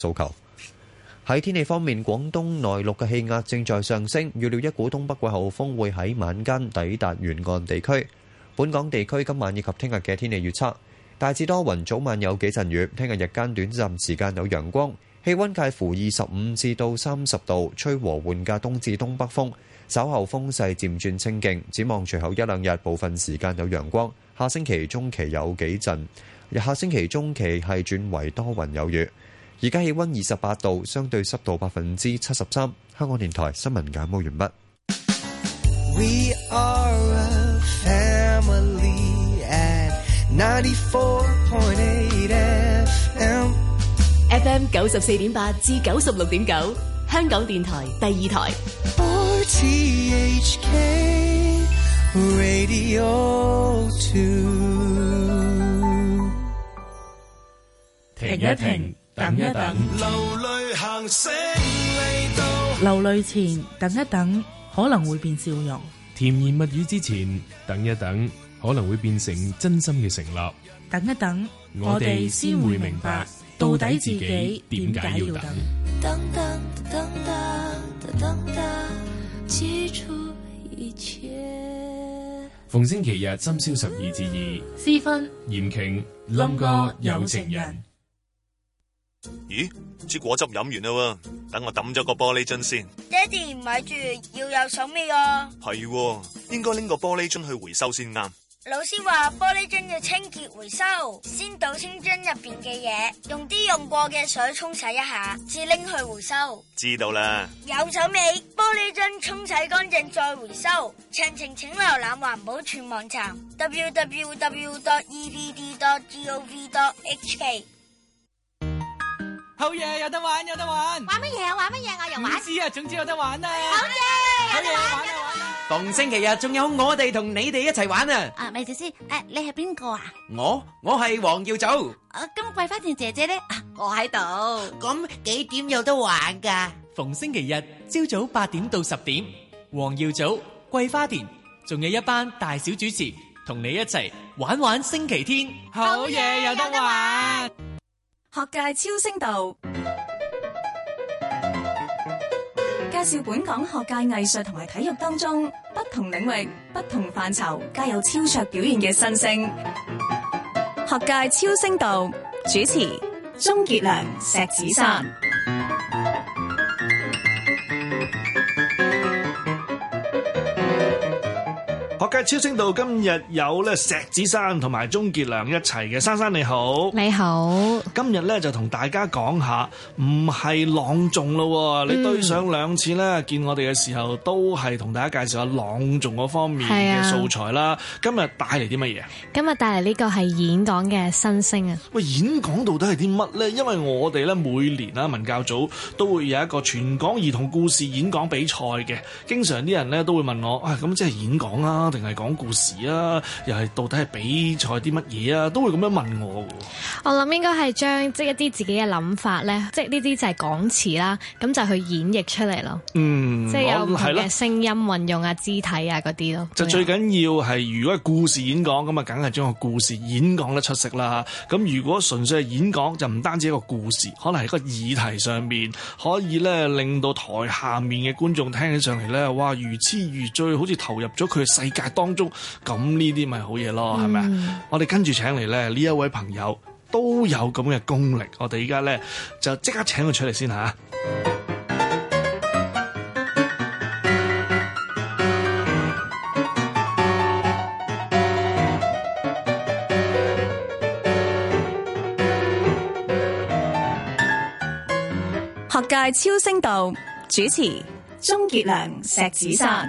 訴求喺天氣方面，廣東內陸嘅氣壓正在上升，預料一股東北季候風會喺晚間抵達沿岸地區。本港地區今晚以及聽日嘅天氣預測大致多雲，早晚有幾陣雨。聽日日間短暫時間有陽光，氣溫介乎二十五至到三十度，吹和緩嘅東至東北風。稍後風勢漸轉清勁，展望隨後一兩日部分時間有陽光。下星期中期有幾陣，下星期中期係轉為多雲有雨。而家氣溫二十八度，相對濕度百分之七十三。香港電台新聞簡報完畢。FM 九十四點八至九十六點九， 9, 香港電台第二台。停一停。等一等，流淚行勝利道。流淚前等一等，可能會變笑容。甜言蜜語之前等一等，可能會變成真心嘅承諾。等一等，我哋先會明白到底自己點解要等。逢星期日，深宵十二至二，私分嚴瓊冧個有情人。咦，支果汁飲完啦，等我抌咗、啊啊、個玻璃樽先。爹哋，咪住要有手尾啊！係，應該拎個玻璃樽去回收先啱。老師話玻璃樽要清潔回收，先倒清樽入邊嘅嘢，用啲用過嘅水沖洗一下，至拎去回收。知道啦，有手尾，玻璃樽沖洗乾淨再回收。詳情請瀏覽環保全網站：www.epd.gov.hk。Www. 好嘢，有得玩有得玩！玩乜嘢啊？玩乜嘢？我又玩。知啊，總之有得玩啦。好嘢，有得玩有得玩。逢星期日仲有我哋同你哋一齊玩啊！啊，咪住先，誒，你係邊個啊？我，我係黃耀祖。啊，咁桂花田姐姐咧，我喺度。咁幾點有得玩噶？逢星期日朝早八點到十點，黃耀祖、桂花田，仲有一班大小主持，同你一齊玩玩星期天。好嘢，有得玩。學界超聲道介紹本港學界藝術同埋體育當中不同領域、不同範疇皆有超卓表現嘅新星。學界超聲道主持鍾傑良、石芷珊。今集超聲道今日有咧石芷珊同埋鍾傑良一齊嘅，珊珊你好，你好。你好，今日咧就同大家講下，唔係朗誦咯，嗯、你對上兩次咧，見我哋嘅時候都係同大家介紹下朗誦嗰方面嘅素材啦。啊、今日帶嚟啲乜嘢？今日帶嚟呢個係演講嘅新星啊！喂，演講到底係啲乜咧？因為我哋咧每年呀，文教組都會有一個全港兒童故事演講比賽嘅，經常啲人咧都會問我，啊、哎、咁即係演講啊？係講故事啊，又係到底係比賽啲乜嘢啊？都會咁樣問我。我諗應該係將即係一啲自己嘅諗法咧，即係呢啲就係講詞啦，咁就去演繹出嚟咯。嗯，即係有唔同嘅聲音運用啊、啦肢體啊嗰啲咯。就最緊要係，如果係故事演講咁啊，梗係將個故事演講得出色啦。咁如果純粹係演講，就唔單止一個故事，可能係一個議題上面，可以咧令到台下面嘅觀眾聽起上嚟咧，哇，如痴如醉，好似投入咗佢嘅世界。當中咁呢啲咪好嘢咯，係咪啊？我哋跟住請嚟咧，呢一位朋友都有咁嘅功力。我哋而家咧就即刻請佢出嚟先吓、啊。《學界超聲道》主持鍾傑良，石芷珊。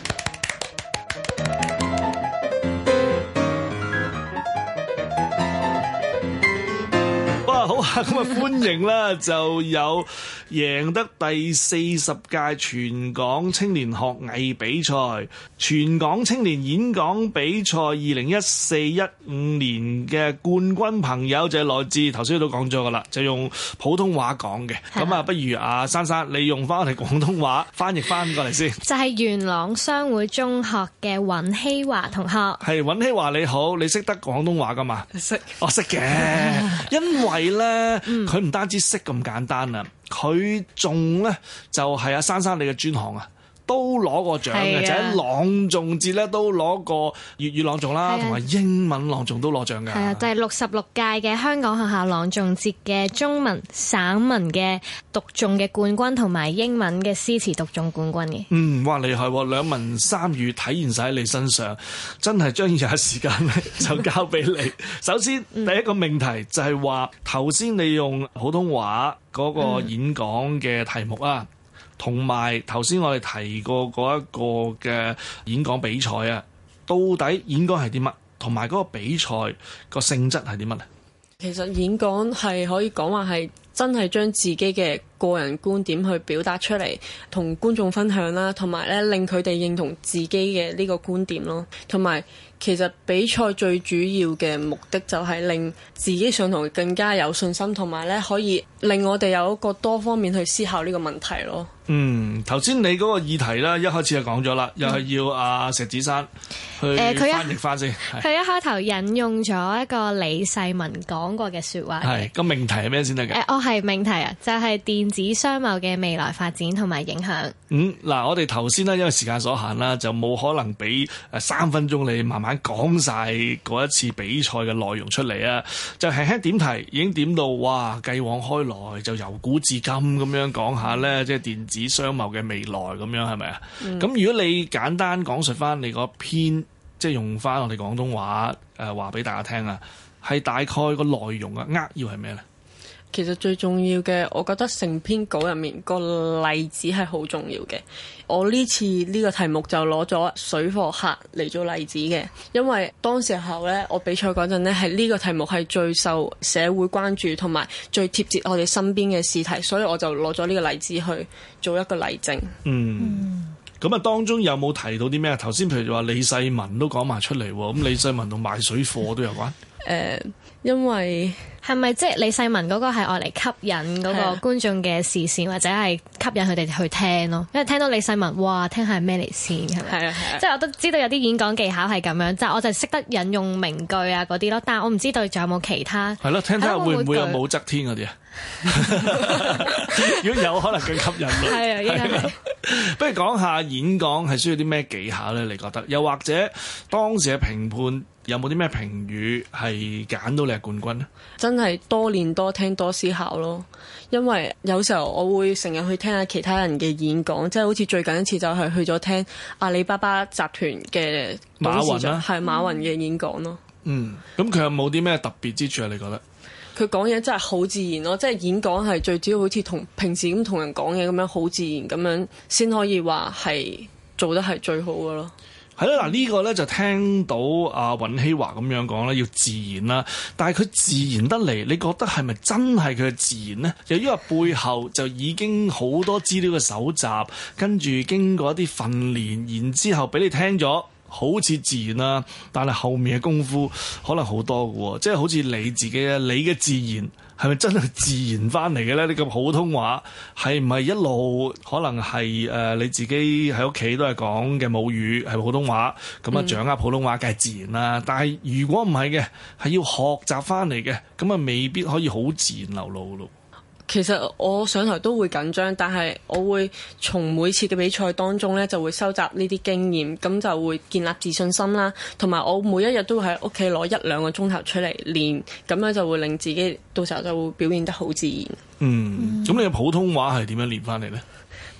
咁啊， 歡迎啦！就有贏得第四十屆全港青年學藝比賽全港青年演講比賽二零一四一五年嘅冠軍朋友就，就係來自頭先都講咗噶啦，就用普通話講嘅。咁啊，不如啊珊珊，你用翻我哋廣東話翻譯翻過嚟先。就係元朗商會中學嘅尹希樺同學。係尹希樺，你好，你識得廣東話噶嘛？識我、哦、識嘅， 因為咧。佢唔、嗯、單止識咁簡單，就是、啊，佢仲咧就係阿珊珊你嘅專項啊。都攞過獎嘅，就喺的朗誦節咧都攞過粵語朗誦啦，同埋的英文朗誦都攞獎嘅。係啊，就第六十六屆嘅香港學校朗誦節嘅中文散文嘅獨誦嘅冠軍，同埋英文嘅詩詞獨誦冠軍嘅。嗯，哇，厲害喎、啊！兩文三語體現晒喺你身上，真係將以下時間就交俾你。 首先，第一個命題就係話頭先你用普通話嗰個演講嘅題目啊。 嗯同埋頭先我哋提過嗰一個嘅演講比賽啊，到底演講係啲乜？同埋嗰個比賽個性質係啲乜呢？其實演講係可以講話係真係將自己嘅個人觀點去表達出嚟，同觀眾分享啦，同埋咧令佢哋認同自己嘅呢個觀點咯，同埋。其實比賽最主要嘅目的就係令自己上台更加有信心，同埋咧可以令我哋有一個多方面去思考呢個問題咯。嗯，頭先你嗰個議題咧，一開始就講咗啦，嗯、又係要阿石芷珊去誒佢翻譯翻先。佢、呃、一，是一開頭引用咗一個李世民講過嘅説話。係個命題係咩先得嘅？誒、呃，我係命題啊，就係、是、電子商貿嘅未來發展同埋影響。嗯，嗱，我哋頭先呢，因為時間所限啦，就冇可能俾誒三分鐘你。慢慢。講晒嗰一次比賽嘅內容出嚟啊，就輕輕點題，已經點到哇！繼往開來，就由古至今咁樣講下咧，即係電子商貿嘅未來咁樣，係咪啊？咁、嗯、如果你簡單講述翻你個篇，即係用翻我哋廣東話誒話俾大家聽啊，係大概個內容啊，扼要係咩咧？其實最重要嘅，我覺得成篇稿入面個例子係好重要嘅。我呢次呢個題目就攞咗水貨客嚟做例子嘅，因為當時候呢，我比賽嗰陣呢，係呢個題目係最受社會關注同埋最貼切我哋身邊嘅試題，所以我就攞咗呢個例子去做一個例證。嗯，咁啊，當中有冇提到啲咩啊？頭先譬如話李世民都講埋出嚟，咁李世民同賣水貨都有關。誒、 呃，因為。係咪即係李世民嗰個係愛嚟吸引嗰個觀眾嘅視線，啊、或者係吸引佢哋去聽咯？因為聽到李世民，哇，聽下係咩嚟先係係啊,啊即係我都知道有啲演講技巧係咁樣，但、就、係、是、我就識得引用名句啊嗰啲咯。但我唔知道仲有冇其他。係咯、啊，聽,聽下有有會唔會有武則天嗰啲啊？如果 有可能，更吸引咯。係啊，應該。是吧 不如講下演講係需要啲咩技巧咧？你覺得？又或者當時嘅評判有冇啲咩評語係揀到你係冠軍咧？真係多練多聽多思考咯，因為有時候我會成日去聽下其他人嘅演講，即係好似最近一次就係去咗聽阿里巴巴集團嘅董事長啦，係馬雲嘅演講咯，嗯。嗯，咁佢有冇啲咩特別之處啊？你覺得？佢講嘢真係好自然咯，即係演講係最主要，好似同平時咁同人講嘢咁樣好自然咁樣，先可以話係做得係最好嘅咯。係啦，嗱，呢個咧就聽到阿尹希樺咁樣講啦，要自然啦，但係佢自然得嚟，你覺得係咪真係佢嘅自然咧？由於個背後就已經好多資料嘅搜集，跟住經過一啲訓練，然之後俾你聽咗。好似自然啦、啊，但係後面嘅功夫可能好多嘅喎、啊，即係好似你自己嘅你嘅自然係咪真係自然翻嚟嘅咧？呢個普通話係唔係一路可能係誒、呃、你自己喺屋企都係講嘅母語係普通話，咁啊掌握普通話梗係自然啦、啊。但係如果唔係嘅，係要學習翻嚟嘅，咁啊未必可以好自然流露咯。其實我上台都會緊張，但係我會從每次嘅比賽當中呢，就會收集呢啲經驗，咁就會建立自信心啦。同埋我每一日都會喺屋企攞一兩個鐘頭出嚟練，咁樣就會令自己到時候就會表現得好自然。嗯，咁你嘅普通話係點樣練翻嚟呢？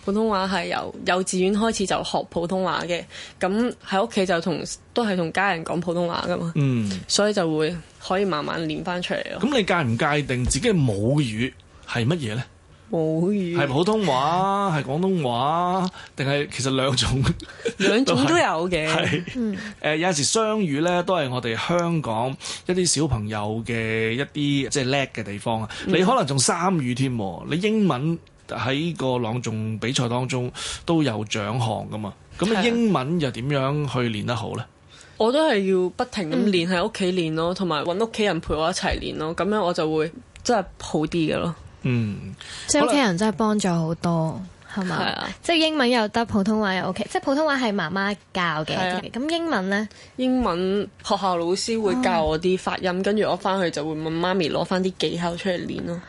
普通話係由幼稚園開始就學普通話嘅，咁喺屋企就同都係同家人講普通話噶嘛。嗯，所以就會可以慢慢練翻出嚟咯。咁、嗯、你界唔界定自己係母語？係乜嘢呢？母語係普通話，係廣東話，定係其實兩種， 兩種都有嘅。係誒、嗯呃、有陣時雙語咧，都係我哋香港一啲小朋友嘅一啲即係叻嘅地方啊！嗯、你可能仲三語添喎，你英文喺個朗誦比賽當中都有獎項噶嘛？咁你英文又點樣去練得好呢？嗯、我都係要不停咁練喺屋企練咯，同埋揾屋企人陪我一齊練咯，咁樣我就會真係好啲嘅咯。嗯，即係屋企人真係幫咗好多，係嘛？即係英文又得，普通話又 OK。即係普通話係媽媽教嘅，咁是、啊、英文呢？英文學校老師會教我啲發音，跟住、哦、我翻去就會問媽咪攞翻啲技巧出嚟練咯。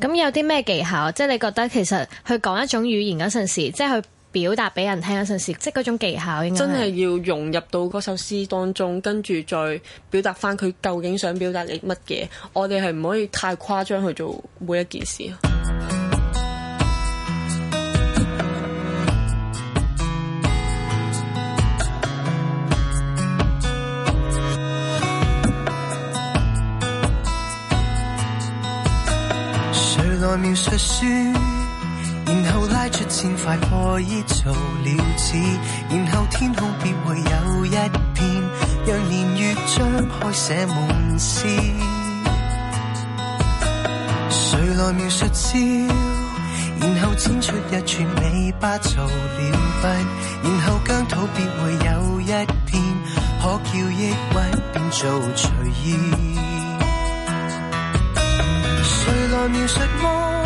咁有啲咩技巧？即係你覺得其實去講一種語言嗰陣時，即係去。表達俾人聽嗰陣時，即係嗰種技巧應該真係要融入到嗰首詩當中，跟住再表達返佢究竟想表達你乜嘢。我哋係唔可以太誇張去做每一件事。然後拉出千塊荷衣，做了紙，然後天空便會有一片，讓年月張開寫滿詩。誰來描述焦？然後剪出一串尾巴做了筆，然後疆土便會有一片，可叫抑鬱變做隨意。誰來描述我？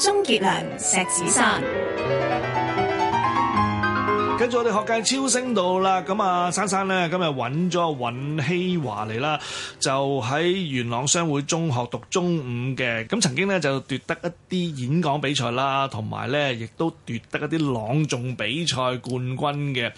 鍾傑良，石芷珊。跟住我哋學界超聲道啦，咁啊，珊珊咧，今日揾咗尹希樺嚟啦，就喺元朗商會中學讀中五嘅，咁曾經咧就奪得一啲演講比賽啦，同埋咧亦都奪得一啲朗誦比賽冠軍嘅。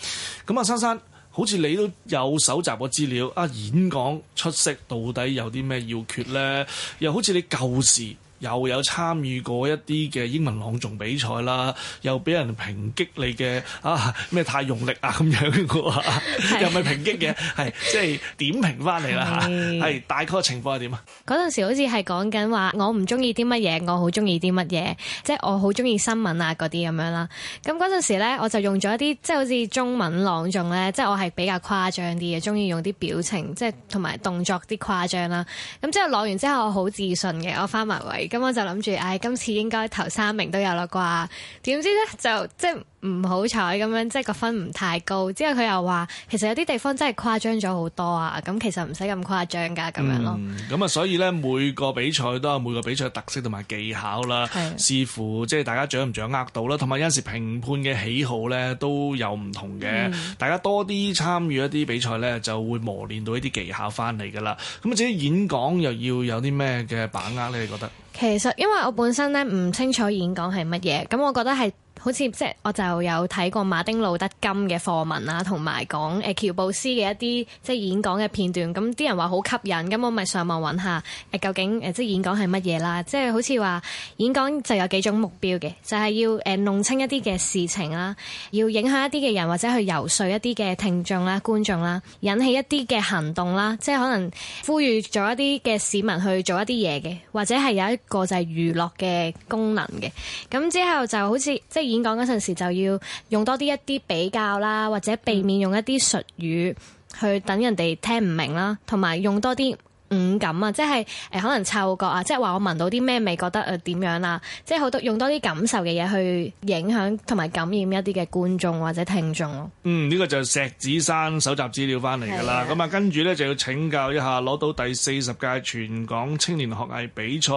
咁啊，珊珊，好似你都有搜集過資料，啊，演講出色到底有啲咩要訣咧？又好似你舊時。又有參與過一啲嘅英文朗誦比賽啦，又俾人評擊你嘅啊咩太用力啊咁樣嘅 又唔係評擊嘅，係即係點評翻嚟啦嚇，係是大概情況係點啊？嗰陣時好似係講緊話，我唔中意啲乜嘢，我好中意啲乜嘢，即係我好中意新聞啊嗰啲咁樣啦。咁嗰陣時咧，我就用咗一啲即係好似中文朗誦咧，即係我係比較誇張啲嘅，中意用啲表情即係同埋動作啲誇張啦。咁之後朗完之後，我好自信嘅，我翻埋位。咁我就諗住，唉，今次應該頭三名都有啦啩？點知咧就即係。唔好彩咁樣，即係個分唔太高。之後佢又話，其實有啲地方真係誇張咗好多啊！咁其實唔使咁誇張噶，嗯、咁樣咯。咁啊、嗯，所以咧每個比賽都有每個比賽特色同埋技巧啦，是視乎即係大家掌唔掌握到啦，同埋有陣時評判嘅喜好咧都有唔同嘅。嗯、大家多啲參與一啲比賽咧，就會磨練到一啲技巧翻嚟㗎啦。咁至於演講又要有啲咩嘅把握咧？你覺得？其實因為我本身咧唔清楚演講係乜嘢，咁我覺得係。好似即係我就有睇過馬丁路德金嘅課文啊，同埋講誒喬布斯嘅一啲即係演講嘅片段。咁啲人話好吸引，咁我咪上網揾下誒、呃、究竟誒即係演講係乜嘢啦，即係好似話演講就有幾種目標嘅，就係、是、要誒、呃、弄清一啲嘅事情啦，要影響一啲嘅人，或者去遊說一啲嘅聽眾啦、觀眾啦，引起一啲嘅行動啦，即係可能呼籲咗一啲嘅市民去做一啲嘢嘅，或者係有一個就係娛樂嘅功能嘅。咁之後就好似即演講嗰陣時就要用多啲一啲比較啦，或者避免用一啲術語去等人哋聽唔明啦，同埋用多啲。五感啊，即係誒、呃，可能嗅覺啊，即係話我聞到啲咩味，覺得誒點樣啦、啊，即係好多用多啲感受嘅嘢去影響同埋感染一啲嘅觀眾或者聽眾咯、啊。嗯，呢、這個就係石芷珊搜集資料翻嚟噶啦。咁啊的，跟住咧就要請教一下，攞到第四十屆全港青年學藝比賽、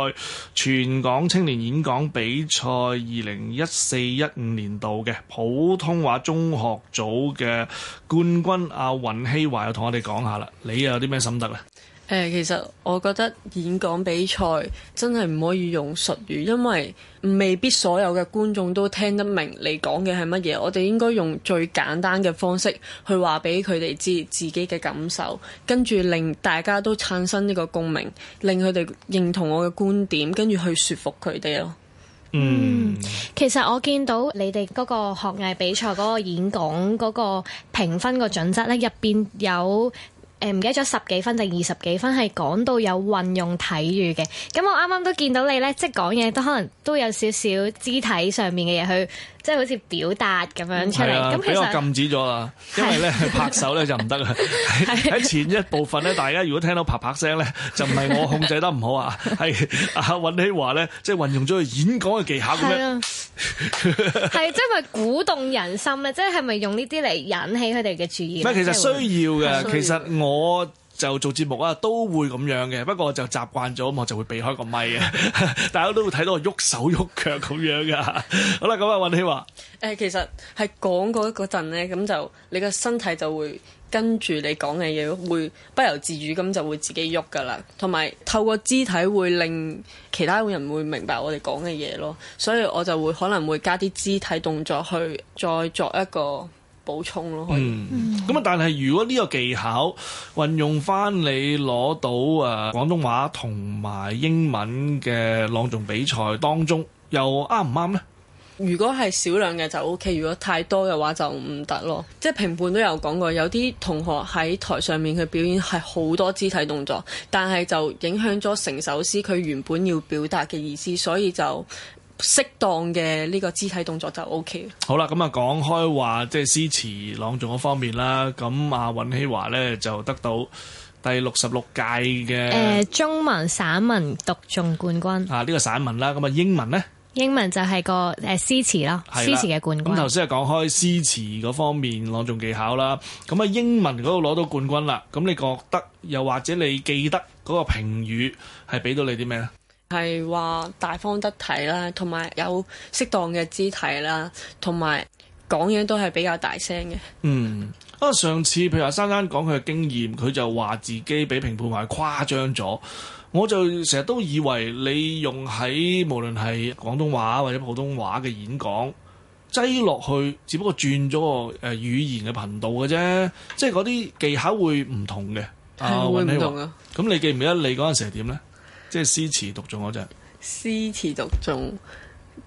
全港青年演講比賽二零一四一五年度嘅普通話中學組嘅冠軍阿、啊、尹希樺，又同我哋講下啦。你又有啲咩心得咧？誒，其實我覺得演講比賽真係唔可以用術語，因為未必所有嘅觀眾都聽得明你講嘅係乜嘢。我哋應該用最簡單嘅方式去話俾佢哋知自己嘅感受，跟住令大家都產生呢個共鳴，令佢哋認同我嘅觀點，跟住去說服佢哋咯。嗯，其實我見到你哋嗰個學藝比賽嗰個演講嗰個評分個準則呢，入邊有。誒，唔記得咗十幾分定二十幾分，係講到有運用體語嘅，咁我啱啱都見到你呢，即係講嘢都可能都有少少肢體上面嘅嘢去。即係好似表達咁樣出嚟，咁佢就禁止咗啦，是啊、因為咧拍手咧就唔得啦。喺是、啊、前一部分咧， 大家如果聽到啪啪聲咧，就唔係我控制得唔好 啊，係阿尹希樺咧，即係運用咗佢演講嘅技巧咁樣，係即係鼓動人心咧，即係係咪用呢啲嚟引起佢哋嘅注意？唔係，其實需要嘅，要其實我。就做節目啊，都會咁樣嘅，不過就習慣咗，我就會避開個咪。嘅， 大家都會睇到我喐手喐腳咁樣噶。 好啦，咁、嗯、啊，尹希樺，誒，其實係講嗰嗰陣呢，咁就你個身體就會跟住你講嘅嘢，會不由自主咁就會自己喐噶啦，同埋透過肢體會令其他人會明白我哋講嘅嘢咯，所以我就會可能會加啲肢體動作去再作一個。補充咯，嗯，咁啊、嗯，但係如果呢個技巧運用翻，你攞到誒廣東話同埋英文嘅朗誦比賽當中，又啱唔啱咧？如果係少量嘅就 OK，如果太多嘅話就唔得咯。即係評判都有講過，有啲同學喺台上面佢表演係好多肢體動作，但係就影響咗成首詩佢原本要表達嘅意思，所以就。適當嘅呢個肢體動作就 O、OK、K。好啦，咁啊講開話即係詩詞朗誦嗰方面啦，咁啊，尹希樺咧就得到第六十六屆嘅誒中文散文獨誦冠軍。啊，呢、這個散文啦，咁啊英文咧？英文，英文就係個誒詩詞咯，詩詞嘅冠軍。咁頭先又講開詩詞嗰方面朗誦技巧啦，咁、嗯、啊英文嗰度攞到冠軍啦。咁、嗯、你覺得又或者你記得嗰個評語係俾到你啲咩咧？係話大方得體啦，同埋有適當嘅肢體啦，同埋講嘢都係比較大聲嘅。嗯，啊，上次譬如話珊珊講佢嘅經驗，佢就話自己俾評判話誇張咗。我就成日都以為你用喺無論係廣東話或者普通話嘅演講，擠落去只不過轉咗個誒語言嘅頻道嘅啫，即係嗰啲技巧會唔同嘅。的啊，會唔同啊？咁你記唔記得你嗰陣時係點咧？即係詩詞讀誦嗰隻，詩詞讀誦，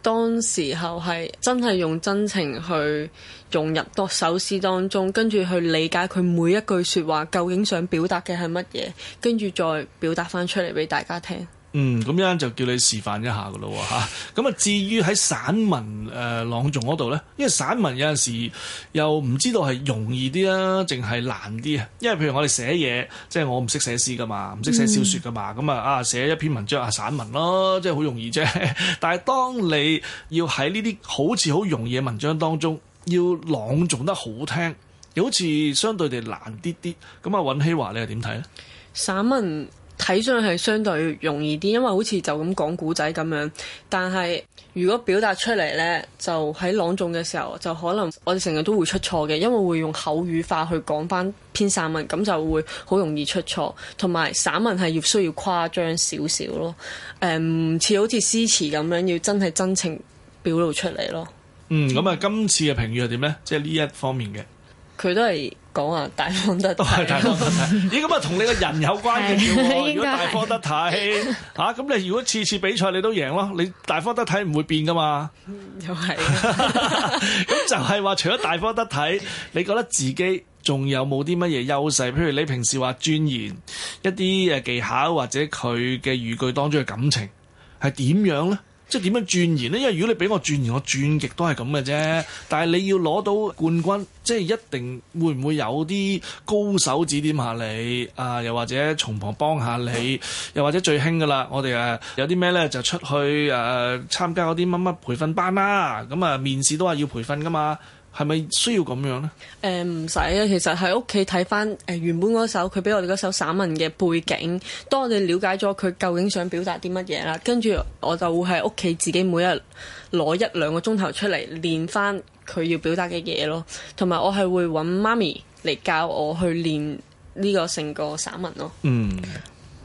當時候係真係用真情去融入到首詩當中，跟住去理解佢每一句說話究竟想表達嘅係乜嘢，跟住再表達翻出嚟俾大家聽。嗯，咁樣就叫你示範一下噶咯喎嚇。咁啊，至於喺散文誒、呃、朗誦嗰度咧，因為散文有陣時又唔知道係容易啲啊，定係難啲啊。因為譬如我哋寫嘢，即、就、係、是、我唔識寫詩噶嘛，唔識寫小説噶嘛，咁、嗯、啊啊寫一篇文章啊散文咯，即係好容易啫。但係當你要喺呢啲好似好容易嘅文章當中，要朗誦得好聽，又好似相對地難啲啲。咁啊，尹希樺，你又點睇咧？散文。睇上係相對容易啲，因為好似就咁講古仔咁樣。但係如果表達出嚟呢，就喺朗誦嘅時候，就可能我哋成日都會出錯嘅，因為會用口語化去講翻篇散文，咁就會好容易出錯。同埋散文係要需要誇張少少咯，誒唔似好似詩詞咁樣要真係真情表露出嚟咯。嗯，咁啊，今次嘅評語係點呢？即係呢一方面嘅，佢都係。講啊，大方，都係大方得體，大方得體。咦，咁啊，同你個人有關嘅。如果大方得體，吓，咁你如果次次比賽你都贏咯，你大方得體唔會變噶嘛。又係。嗯，咁就係、是、話， 除咗大方得體，你覺得自己仲有冇啲乜嘢優勢？譬如你平時話鑽研一啲誒技巧，或者佢嘅語句當中嘅感情係點樣咧？即係點樣轉型呢？因為如果你俾我轉型，我轉極都係咁嘅啫。但係你要攞到冠軍，即係一定會唔會有啲高手指點下你啊、呃？又或者從旁幫下你？又或者最興噶啦，我哋誒、呃、有啲咩咧就出去誒、呃、參加嗰啲乜乜培訓班啦。咁、呃、啊，面試都話要培訓噶嘛。係咪需要咁樣呢？誒唔使啊，其實喺屋企睇翻誒原本嗰首佢俾我哋嗰首散文嘅背景，當我哋了解咗佢究竟想表達啲乜嘢啦，跟住我就會喺屋企自己每日攞一兩個鐘頭出嚟練翻佢要表達嘅嘢咯，同埋我係會揾媽咪嚟教我去練呢個成個散文咯。嗯，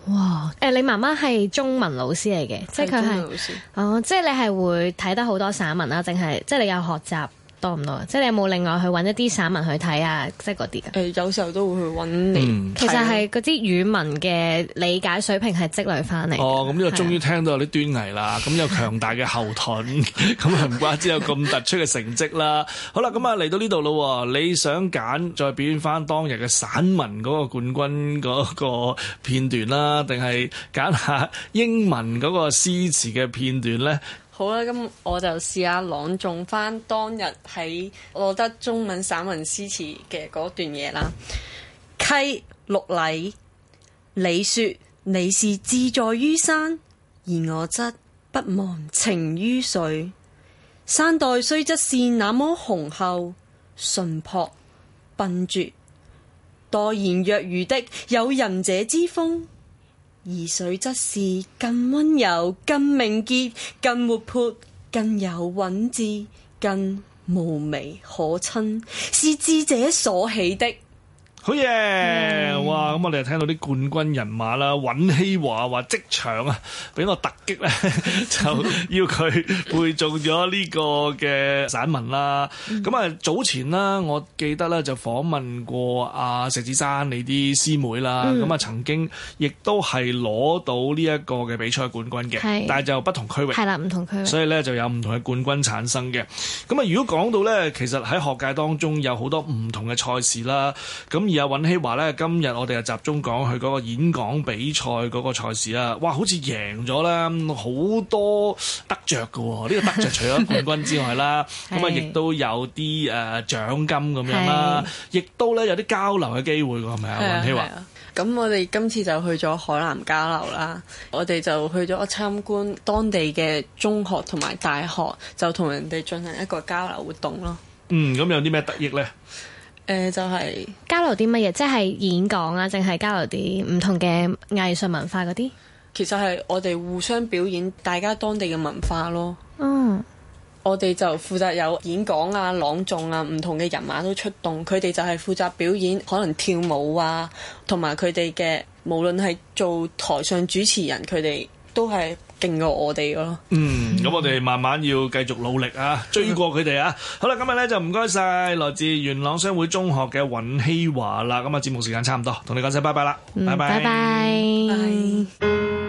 哇！誒、呃，你媽媽係中文老師嚟嘅，中文老師即係佢係哦，即係你係會睇得好多散文啦，淨係即係你有學習？多唔多？即係你有冇另外去揾一啲散文去睇啊？即係嗰啲㗎。誒、呃、有時候都會去揾，嗯、其實係嗰啲語文嘅理解水平係積累翻嚟。哦，咁呢個終於聽到有啲端倪啦！咁是、啊、有強大嘅後盾，咁係唔怪之有咁突出嘅成績啦。 好啦，咁啊嚟到呢度啦，你想揀再表演翻當日嘅散文嗰個冠軍嗰個片段啦，定係揀下英文嗰個詩詞嘅片段咧？好啦，咁我就試下朗誦翻當日喺《我得中文散文詩詞》嘅嗰段嘢啦。溪六禮，你説你是志在於山，而我則不忘情於水。山代雖則是那麼雄厚、淳樸、笨拙，代言若如的有仁者之風。而水則是更溫柔、更明潔、更活潑、更有韻致、更嫵媚可親，是智者所起的。好嘢！哦嗯、哇，咁我哋就聽到啲冠軍人馬啦，尹希樺話即場啊，俾我突擊咧， 就要佢背誦咗呢個嘅散文啦。咁啊、嗯，早前啦，我記得咧就訪問過阿、啊、石芷珊你啲師妹啦，咁啊、嗯、曾經亦都係攞到呢一個嘅比賽冠軍嘅，的但係就不同區域，係啦，唔同區域，所以咧就有唔同嘅冠軍產生嘅。咁啊，如果講到咧，其實喺學界當中有好多唔同嘅賽事啦，咁。阿尹希樺咧，今日我哋啊集中講佢嗰個演講比賽嗰個賽事啊，哇，好似贏咗啦，好多得着噶喎！呢、這個得着除咗冠軍之外啦，咁啊亦都有啲誒獎金咁樣啦，啊，亦是的 都咧有啲交流嘅機會，係咪啊？尹希樺：咁我哋今次就去咗海南交流啦，我哋就去咗參觀當地嘅中學同埋大學，就同人哋進行一個交流活動咯。嗯，咁有啲咩得益咧？誒、呃，就係、是、交流啲乜嘢，即係演講啊，淨係交流啲唔同嘅藝術文化嗰啲。其實係我哋互相表演大家當地嘅文化咯。嗯，我哋就負責有演講啊、朗誦啊，唔同嘅人馬都出動。佢哋就係負責表演，可能跳舞啊，同埋佢哋嘅無論係做台上主持人，佢哋都係。定過我哋咯，嗯，咁我哋慢慢要繼續努力啊，追過佢哋啊。 好啦，今日咧就唔該晒，來自元朗商會中學嘅尹希樺啦，咁啊，節目時間差唔多，同你講聲拜拜啦，嗯、拜拜，拜，拜。Bye.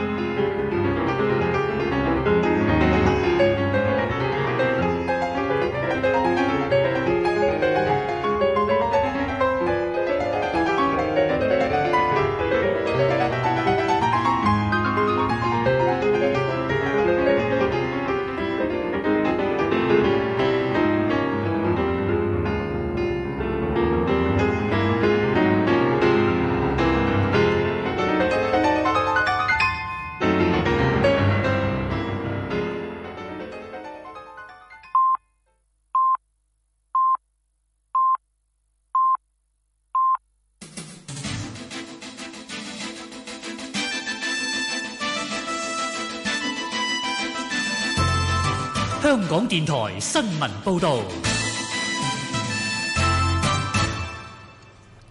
新聞報道。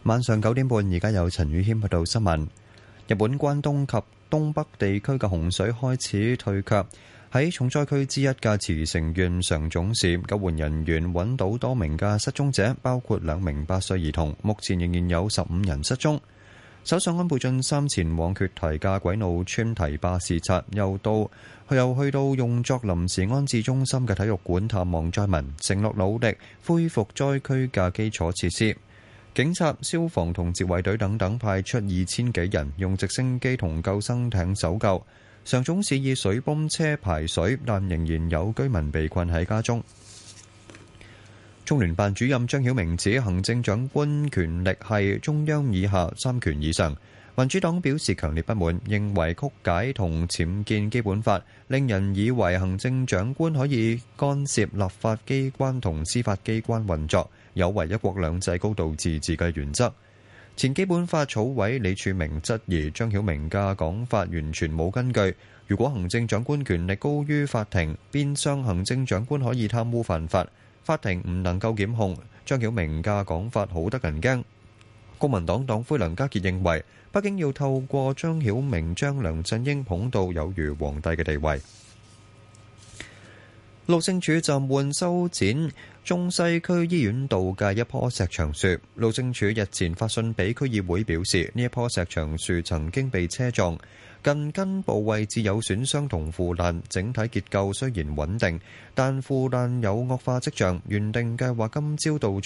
晚上九點半，而家有陳宇謙去到新聞。日本關東及東北地區嘅洪水開始退卻。喺重災區之一嘅茨城縣常總市，救援人員揾到多名嘅失蹤者，包括兩名八歲兒童。目前仍然有十五人失蹤。首相安倍晉三前往決堤架鬼怒川堤壩視察，又到佢又去到用作臨時安置中心嘅體育館探望災民，承諾努力恢復災區嘅基礎設施。警察、消防同自衛隊等等派出二千幾人，用直升機同救生艇搜救。常總市以水泵車排水，但仍然有居民被困喺家中。中聯辦主任張曉明指，行政長官權力係中央以下三權以上。民主黨表示強烈不滿，認為曲解同僭建基本法，令人以為行政長官可以干涉立法機關同司法機關運作，有違一國兩制高度自治嘅原則。前基本法草委李柱銘質疑張曉明嘅講法完全冇根據。如果行政長官權力高於法庭，變相行政長官可以貪污犯法。法庭唔能夠檢控張曉明嘅講法，好得人驚。公民黨黨魁梁家傑認為，北京要透過張曉明將梁振英捧到有如皇帝嘅地位。路政署暫緩修剪中西區醫院道嘅一棵石牆樹。路政署日前發信俾區議會，表示呢一棵石牆樹曾經被車撞。近根部位置有損傷同腐爛，整體結構雖然穩定，但腐爛有惡化跡象。原定計劃今朝到場。